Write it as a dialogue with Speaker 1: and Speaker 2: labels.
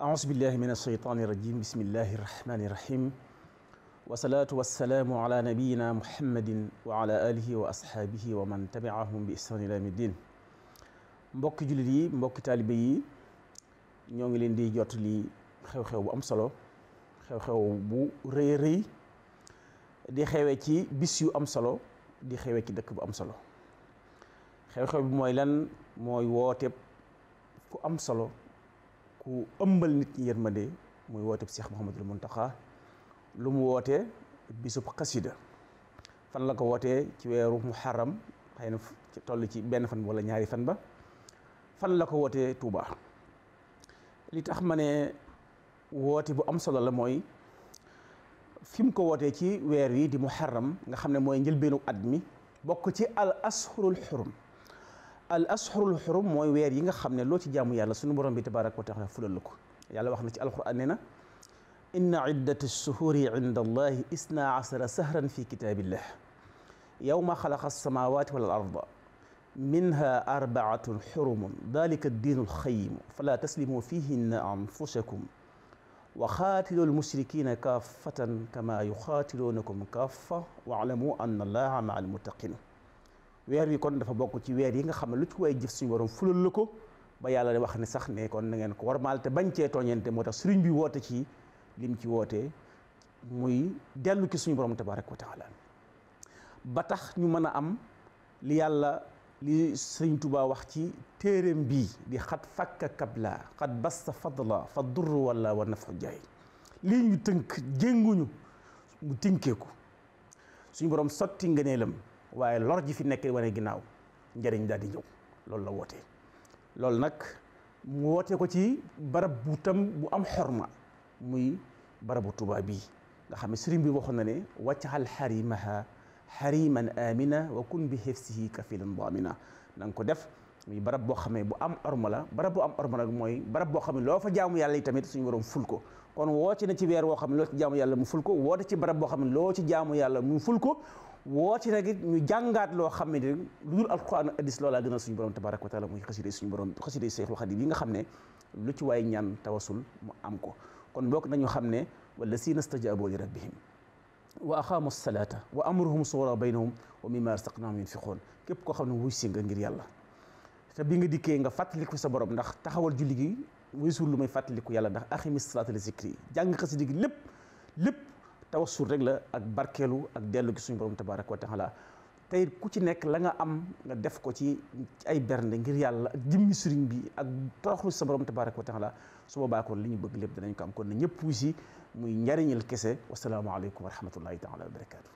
Speaker 1: أعوذ بالله من الشيطان الرجيم بسم الله الرحمن الرحيم والصلاة والسلام على wa محمد وعلى آله وأصحابه ومن تبعهم بإحسان إلى الدين mbokki jullit yi mbokki taalibe yi ñoo ngi leen di jot li xew-xew bu am solo xew-xew bu rëy rëy di xewee ci biss yu am solo di xewee ci dëkk bu am solo xew-xew bi mooy lan mooy wooteeb ku am solo ku ëmbal nit ñi yërmande muy woote bu Cheikh Mouhamadul taxa lu mu woote bisub xasida fan la ko wootee ci weeru muharram xëy na toll ci benn fan wala ñaari fan ba fan la ko wootee Touba li tax ma ne woote bu am solo la mooy fi mu ko woote ci weer yi di muharram nga xam ne mooy njëlbeenu at mi bokk ci al ashurul xurum al ashurul xurum mooy weer yi nga xam ne loo ci jaamu yàlla suñu borom bi tabaraka wa taala fulal la ko yàlla wax na ci alquran nee na inna iddata shuhuri inda allahi isna asara sahran fi kitaabillah yowma xalaqa alsamawati wal arda minha arbaatun xurumun dalika addiinu alxayimu fala taslimu fihinna anfusakum wa xaatilu almushrikina kaafatan kama yuxaatiluunakum kaafa waalamu anna allaha maa almuttaqin weer wi kon dafa bokk ci weer yi nga xam ne lu ci way jëf suñu borom fulal la ko ba yàlla wax ne sax ne kon na ngeen ko warmaal te bañ cee tooñante moo tax sëriñ bi woote ci lim ci wootee muy dellu ci suñu borom tabaaraka wa taala ba tax ñu mën a am li yàlla li sëriñ Tuubaa wax ci téereem bi di xat fakka kabla xat basta fadla fa durru wala wa nafu jaay lii ñu tënk jënguñu mu tënkee ko suñu borom sotti ngëneelam waaye lor ji fi nekk wane ginnaaw njariñ daal di ñëw loolu la woote loolu nag mu woote ko ci barab bu tam bu am xorma muy barabu Tuubaa bii nga xam ne sëriñ bi waxoon na ne waccaxal xarimaha xariman amina wa kun bi xefsihi kafilan damina na nga ko def muy barab boo xam ne bu am orma la barab bu am orma nag mooy barab boo xam ne loo fa jaamu yàlla yi tamit suñ waroon ful ko kon woote na ci weer woo xam ne loo ci jaamu yàlla mu ful ko woote ci barab boo xam ne loo ci jaamu yàlla mu ko woote nag it ñu jàngaat loo xam ne de lu dul alquran ak laa loolaa gënal suñu borom tabaraka wa taala muy xasida suñu borom xasida Seexul Xadiim yi nga xam ne lu ci waay ñaan tawasul mu am ko kon bokk nañu xam ne wala si nastajaaboo li rabbihim wa aqaamu salaata wa amruhum suura baynahum wa mimma rasaqnahum xool képp koo xam ne wuy si nga ngir yàlla te bi nga dikkee nga fàttaliku sa borom ndax taxawal julli gi wéy suur lu may fàttaliku yàlla ndax aximi salaata li zikri jàng xasida gi lépp lépp tawassul rek la ak barkeelu ak dellu gi suñu borom tabaaraka wa taala tey ku ci nekk la nga am nga def ko ci ay bernde ngir yàlla ak jëmmi sëriñ bi ak toroxlu sa borom tabaaraka wa taala su boobaa kon li ñu bëgg lépp danañ ko am kon na ñëpp wu si muy njariñal kese wasalaamaaleykum wa rahmatullahi taala wa barakaatu.